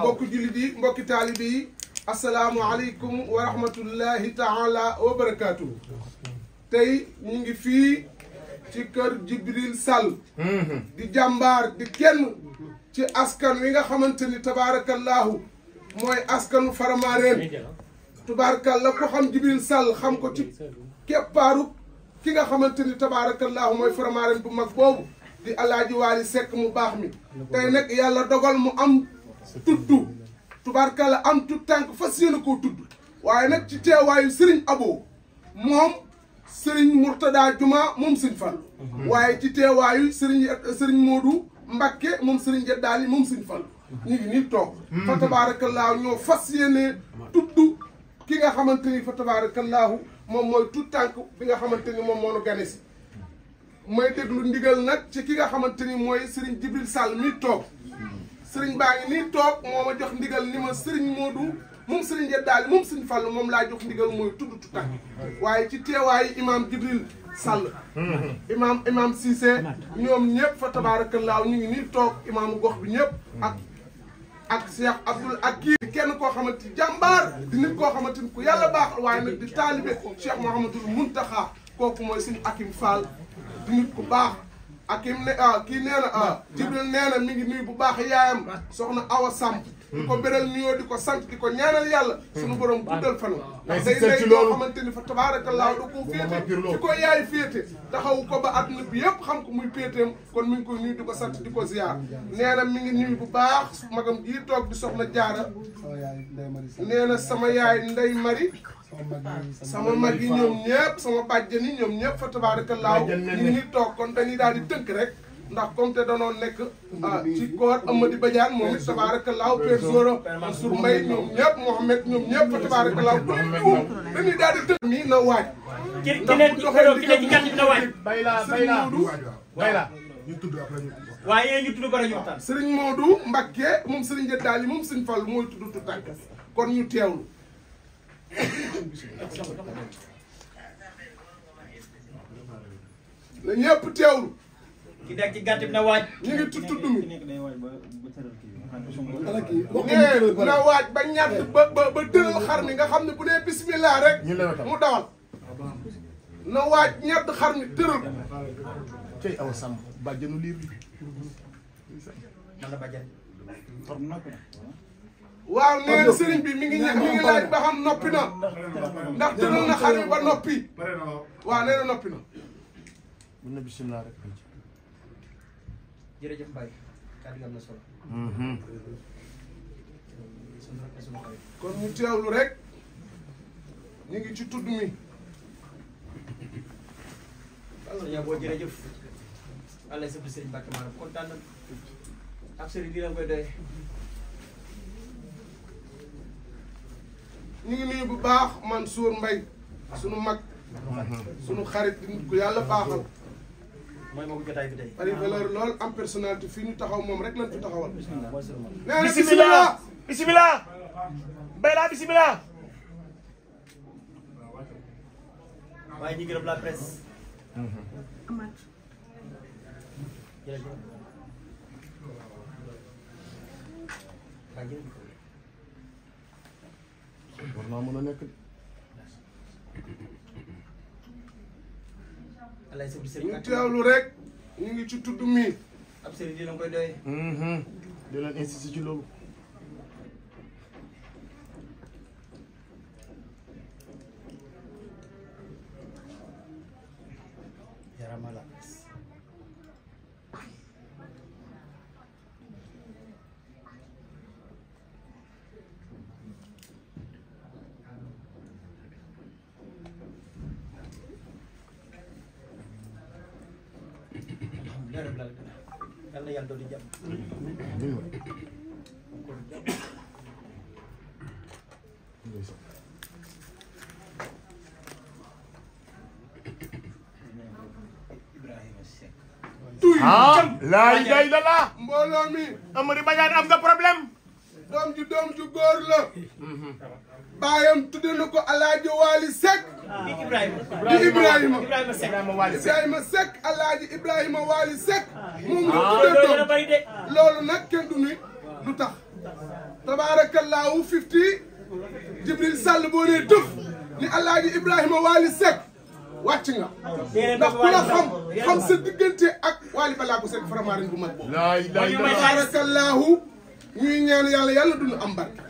mbokki jullit yi mbokki taalibe yi asalaamualeykum wa rahmatullahi taala wa barakaatu. tey ngi fii ci kër Jibril Sall mm-hmm. di jàmbaar di kenn ci askan wi nga xamante ni tabaarakallaahu mooy askanu Faramareen tabaarakalla xam Jibril Sall xam ko ci keppaaru ki nga xamante ni tabaarakallaahu mooy Faramareen bu mag boobu di alaaji Waali Sekk mu baax mi tey nag yàlla dogal mu am tudd tubaarkalla am tout tànk fas yéene koo tudd waaye nag ci teewaayu Serigne Abo moom Serigne Mourtada Juma moom Serigne Fall. Mhm. waaye ci teewaayu Serigne sëriñ Modou Mbakke moom Serigne Jeddaali moom Serigne Fall. ñu ngi nii toog. Mhm. fa tabaarakallaahu ñoo fas yéene tudd ki nga xamante ni fa tabaarakallaahu moom mooy tout tànk bi nga xamante ni moom moo nu gane may déglu ndigal nag ci ki nga xamante ni mooy Serigne Jibril Sall mi toog. sëriñ baa ngi nii toog moo ma jox ndigal ni ma sëriñ Modou moom sëriñ Jeddaali moom sëriñ Fallu moom laa jox ndigal mooy tudd tutak waaye ci teewaayu imaam Jibril Sall imaam imaam Cissé ñoom ñëpp fa tabaarakallaahu ñu ngi nii toog imaamu gox bi ñëpp ak ak Cheikh Abdoul Akir kenn koo xamante jàmbaar di nit koo xamante ni ku yàlla baax waaye nag di taalibe Cheikh Mouhamadul Muntaxa kooku mooy suñu Akim Fall di nit ku baax ak kim ne ah kii nee na ah mi ngi nuyu bu baax yaayam soxna Awa Samb di ko beral nuyoo di ko sant di ko ñaanal yàlla sunu borom guddal fanam ndax day day loo xamante ni fa tabaarakallaa da ko féete di ko yaay féete taxaw ko ba àdduna bi yëpp xam ko muy féeteem kon mi ngi koy nuyu di ko sant di ko ziar nee na mi ngi nuyu bu baax magam jii toog di soxna jaara nee na sama yaay Ndey Mari sama mag yi ñoom ñëpp sama bàjjen yi ñoom ñëpp fa tabaarakallaahu ñu ngi toog kon dañuy daal di tënk rek ndax comme te danoon nekk ah, ci koor Amady Badiane moom it tabaarakallaahu Père Zora Mansour Mbaye ñoom ñëpp Mohamed ñoom ñëpp fa tabaarakallaahu ku leen juum dañuy tënk mi na waaj ndax bu joxee ndigal ci kàddu na waaj Sëriñ Moodu bayla ñu tudd après ñu waaye moom Sëriñ Jëddaali moom Sëriñ mooy tudd tu tànk kon ñu teewlu na ñëpp teewlu. ki nekk ci gàtt bi na waaj. ñu ngi tudd tudd mi. nee na waaj ba ñàtt ba ba ba nga xam ne bu dee bismillah rek. mu dawal. na waaj ñett xar mi tëral. tey aw sàmm bàjjenu liir bi. waaw nee na sëriñ bi mi ngi ña mi ngi laaj ba xam noppi na ndax tëral na xar yi ba noppi waaw nee noppi na mun na bisimilah rek jërëjëf Baye kàddu gi am na solo mhm. kon ñu teewlu rek ñu ngi ci mi ñu ngi nuyu bu baax man Mansour Mbaye sunu mag sunu xarit di nit ku yàlla baaxal mooy moo ko lool am personnalité fii ñu taxaw moom rek lañ fi taxawal nee na bisimilah bisimilah bay laa bisimilah waaye war naa a nekk de. alaay sëñ bi sëñ ñu teewlu rek ñu ngi ci mi. ab mhm. di leen koy doy. di leen insisté yàlla na yàlla doon di ah, ah, mi Amari Badiane am nga problème doom ju doom ju góor la mhm. baayam tudde na ko alaaji waali Seck di Ibrahima Ibrahima Seck alaaji Ibrahima waali Seck ah. moom nga ah, tudde doom loolu nag du ni lu tax tabaarakallaahu Jibril Sall boo nee dëf ni alaaji waali Seck wàcc nga ndax ku la xam xam sa diggante ak waali balaa ko Seck faramarin bu mag boobu ñuy ñaan yàlla yàlla duñu am barke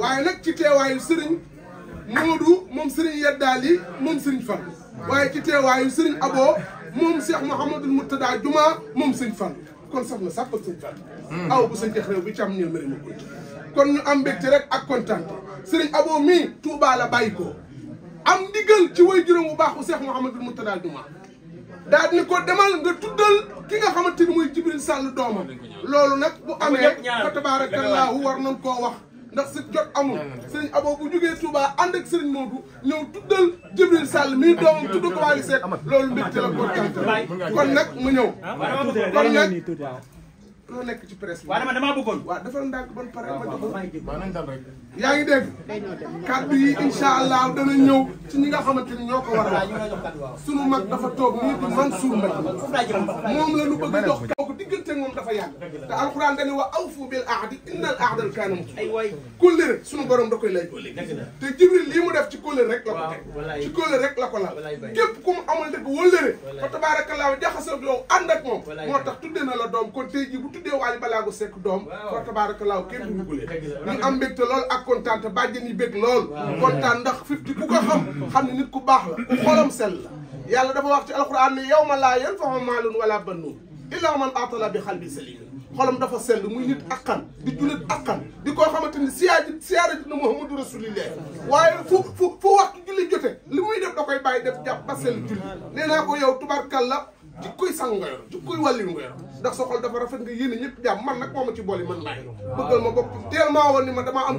waaye nag ci teewaayu sëriñ Moodu moom sëriñ Yeddaal yi moom sëriñ Fall waaye ci teewaayu sëriñ Abo moom Cheikh Mouhamadul Moutada Juma moom sëriñ Fall kon saf na sàppal sëriñ Fall hmm. aw bu sëñ rew bi càm ñëw mërima ko kon ñu am mbégte rek ak kontaan sëriñ Abo mii Touba la bàyyi ko am ndigal ci way juróom bu baax bu Cheikh Mouhamadul Moutada Juma daal ni ko demal nga tuddal ki nga xamante ni mooy Jibril Sall doomam loolu nag bu amee fa tabaarakallaahu war nañ koo wax ndax si jot amul sëriñ Abo bu jógee Touba ànd ak sëriñ Modou ñëw tuddal Jibril Sall mii doomam tudd ko Waly Seck loolu mbégte la ko kon nag mu ñëw ah, kon nag loo nekk ci presse bi. waaw dama yi incha allah dana ñëw ci ñi nga xamante ni ñoo ko war a sunu mag dafa toog nii di Mansour Mbaye. moom la lu bëgg a dox kooku diggante moom dafa yàgg. te alxuraan dañuy wax awfu bil ahdi innal ahdal kaana masuulan. kóllëre sunu borom da koy lay. te Jibril lii mu def ci kóllëre rek la ko la ko laal. képp ku mu amal dëgg wóllëre. fa tabaarakallaahu jaxasoo ak yow ak moom. moo tax tudde na la doom kon tey jii tuddee Waly Balago Seck doom fa tabaarakallaahu kenn du dugulee ñu am mbégte lool ak kontaan te bàjjen yi bég lool kontaan ndax fifty ku ko xam xam nit ku baax la ku xolam sell la yàlla dafa wax ci alxuraan ne yawma laa yanfa'u maalun wala banuun illaa man bi qalbin saliim xolam dafa sell muy nit akkan di jullit akkan di koo xamante ni siyaare siyaare dina Muhammadu Rasulillah waaye fu fu waxtu julli jote li muy def da koy bàyyi def jàpp ba sell julli nee naa yow tubarkalla jikkoy sang nga yor jikkoy wàlliyu nga yor ndax sa xol dafa rafet nga yéene ñëpp jàmm man nag moo ma ci bool yi man laay bëggal ma bopp teel maa ma damaa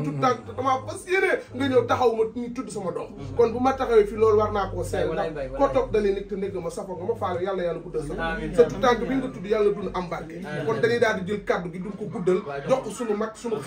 taxaw ma kon bu ma taxawee fii loolu war naa koo seel ndax ko toog dalee nit te nekk ma kàddu gi duñ ko guddal jox ko suñu mag suñu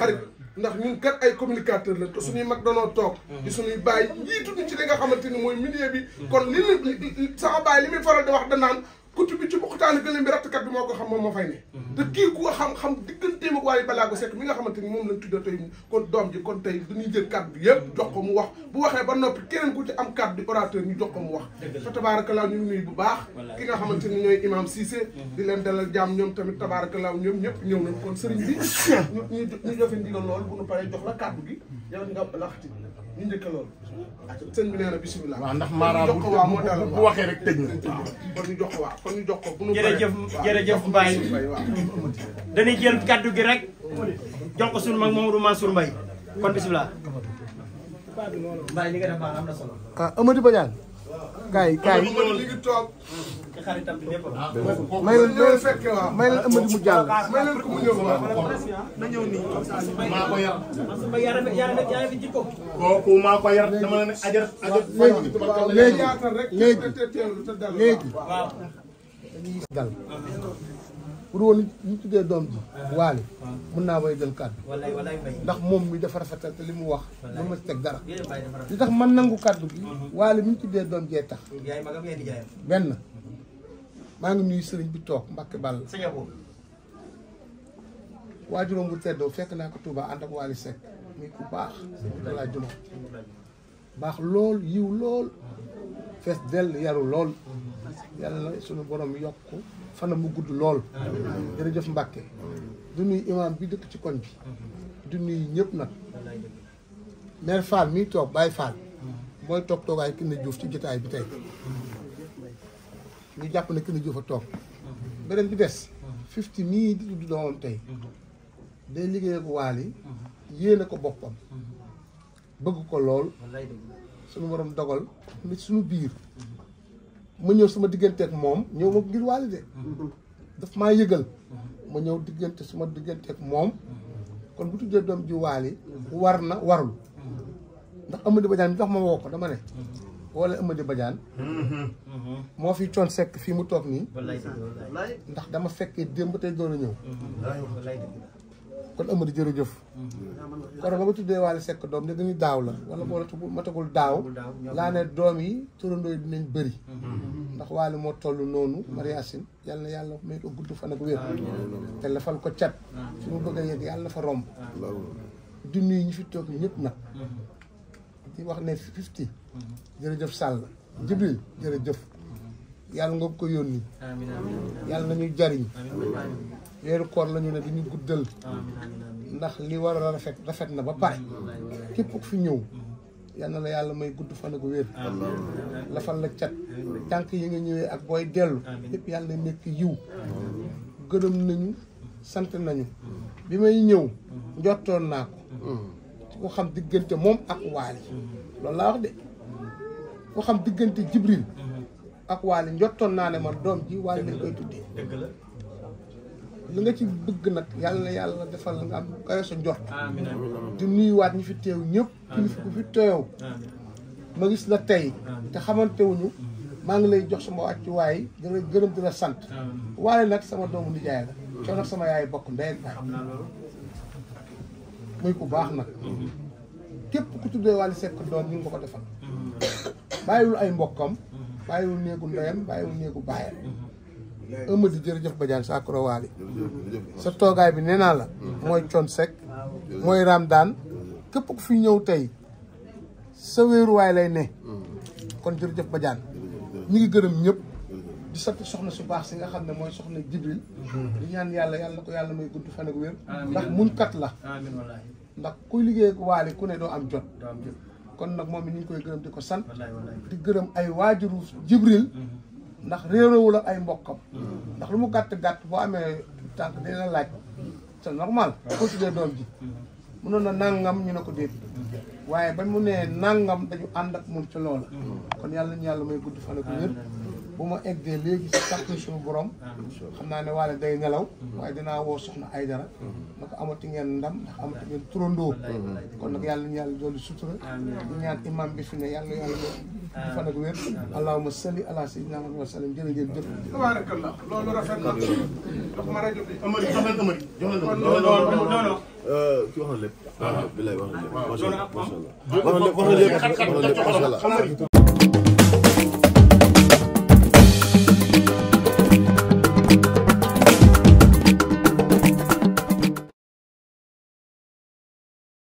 ay communicateur la te suñuy mag danoo toog di mm-hmm. suñuy bàyyi njiitu ñu li nga ni mooy milieu bi kon li sama bàyyi li faral di wax danaan kutu bi ci bokkutaanu gëlëm bi rattkat bi moo ko xam moom moo fay ne mhm. te kii ku ko xam-xam digganteem waaye balaa ko sekk mi nga xamante ni moom lañ tudda tey kon doom ji kon tey du jox ko mu wax bu waxee ba noppi keneen ku ci am kàddu di orateur ñu jox ko mu wax fa tabaarakallaa ñu ngi nuyu bu baax ki nga xamante ni ñooy imam Cissé di leen dalal jàmm ñoom tamit tabaarakallaa ñoom ñëpp ñëw nañ kon sëriñ bi ñu ñu jofe ndigal lool bu ñu paree jox ñu njëkk loolu. sëñ bi nee na bisimilah. waaw ndax Mara bu bu waxee rek tëj na. waaw kon ñu jox ko waaw kon ñu jox ko. bu nu jërëjëf jërëjëf Mbaye dañuy jël kaddu gi rek. jox ko sunu mag Mamadou Mansour Mbaye kon bisimilah. Mbaye li nga def baax am na solo. ah Amady Badiane. kaay kaay. Ah, may leen may leen ah, may leen ëmmati mu jàll. may leen ko mu ñëw ah, maa ko yar. kooku maa ko yar dama ne ajar ajar. léegi léegi léegi. bu dul woon ñu tuddee doom ji ah. waali mun naa may jël kàddu ndax moom mi defara rafetal te li mu wax lu ma teg dara li tax man nangu kàddu gi mhm. waali mi ñu tuddee doom jee tax benn maa ngi nuyu sëriñ bi toog Mbàkke Bàll waajuróom bu teddoo fekk naa ko Touba ànd ak Waly Seck muy ku baax laa juma baax lool yiw lool mhm. fes dell yaru lool mhm. yàlla sunu borom yokk fanam mu gudd lool jërëjëf Mbàkke du imaam bi dëkk ci koñ bi du nuy ñëpp nag maire Fall mii toog Baye Fall mooy toog toogaay Kiné Diouf ci jotaay bi tey ñu jàpp ne Kiné Diouf a toog beneen bi des fifty mii di tudd doomam tey day liggéey ak Waly yéene ko boppam bëgg ko lool suñu waroon dogal sunu biir ma ñëw suma digganteek moom ñëw ma ngir waali de daf maa yëgal ma ñëw diggante suma diggante moom kon bu tuddee doom ji waali war na warul ndax Amady Badiane bi tax ma woo ko dama ne wala Amady Badiane moo fi coon sekk fii mu toog nii ndax dama fekkee démb tey doon a ñëw kon Amady jërëjëf. kon a ma tuddee Wally Seck doom ne dañuy daaw la wala wala matagul daaw laa ne doom yi turandoo yi dinañ bëri ndax Wally moo toll noonu mariasin yàlla na yàlla may ko gudd fan ak wér te lafal ko cat su mu bëgg a yegg yàlla na fa romb di nuyu ñi fi toog ñëpp nag di wax ne fifty jërëjëf Sall Jibril jërëjëf yàlla nga ko yónni yàlla nañu jariñ weeru koor lañu ñu ne duñu guddal ndax li war a rafet rafet na ba pare képp ku fi ñëw yal na la yàlla may gudd fan ak wér lafal la cat tànk yi nga ñëwee ak booy dellu yëpp yàlla nekk yiw gërëm nañu sant nañu bi may ñëw njottoon naa ko ci ko xam diggante moom ak waali loolu laa wax de ko xam diggante jibril ak waali njottoon naa ne man doom ji waali lañ koy tuddee li nga ci bëgg nag yàlla yàlla defal nga am kawe sa njort di nuyuwaat ñi fi teew ñëpp kilifa ku fi teew ma gis la tey te xamante wuñu maa ngi lay jox sama wàccuwaay di la gërëm di sant waaye nag sama doomu nijaay la coono nag sama yaay bokk ndey baay muy ku baax nag képp ku tuddee Wally Seck doom ñu ngi ko defal bàyyiwul ay mbokkam bàyyiwul néegu ndeyam bàyyiwul néegu baayam Amady jërëjëf Badiane sa akrowaali sa toogaay bi nee naa la mooy Thione Seck mooy Ramdaan képp ku fi ñëw tey sa wéeruwaay lay ne kon jërëjëf bajaan ñu ngi gërëm ñëpp di sant soxna su baax si nga xam ne mooy soxna Jibril di ñaan yàlla yàlla ko yàlla mooy gudd fan ak wér ndax mun kat la ndax kuy liggéey waali ku ne doo am jot kon nag moom it ñu ngi koy gërëm di ko sant di gërëm ay waajuru Jibril mm-hmm. ndax réeroowul la ay mbokkam mm-hmm. ndax lu mu gàtt-gàtt boo amee tànk dina laaj c'est normal ko mm-hmm. tuddee doom ji mënoon mm-hmm. na nangam ñu ne ko déet waaye ba mu nee nangam dañu ànd ak moom ci loola kon yàlla ñu yàlla may gudd fan ak ma eggee léegi si sàkk borom xam naa ne waale day nelaw waaye dinaa woo soxna ay dara na ko amati ngeen ndam ndax amati ngeen turandoo kon nag yàlla ñu yàlla doolu sutura ñu ñaan imam bi fi ne yàlla yàlla fan ah. ak wér allahumma salli ala sayyidina Muhammad wa sallam jërëjëf jëf tabarakallah loolu rafet na dox ma rajo bi amari amari amari jox la non non non euh ki wax na lépp ah. billahi wax na lépp ma sha Allah wax na lépp wax na lépp ma sha Allah